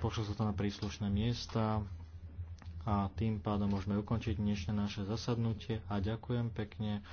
pošlo sa to na príslušné miesta a tým pádom môžeme ukončiť dnešné naše zasadnutie a ďakujem pekne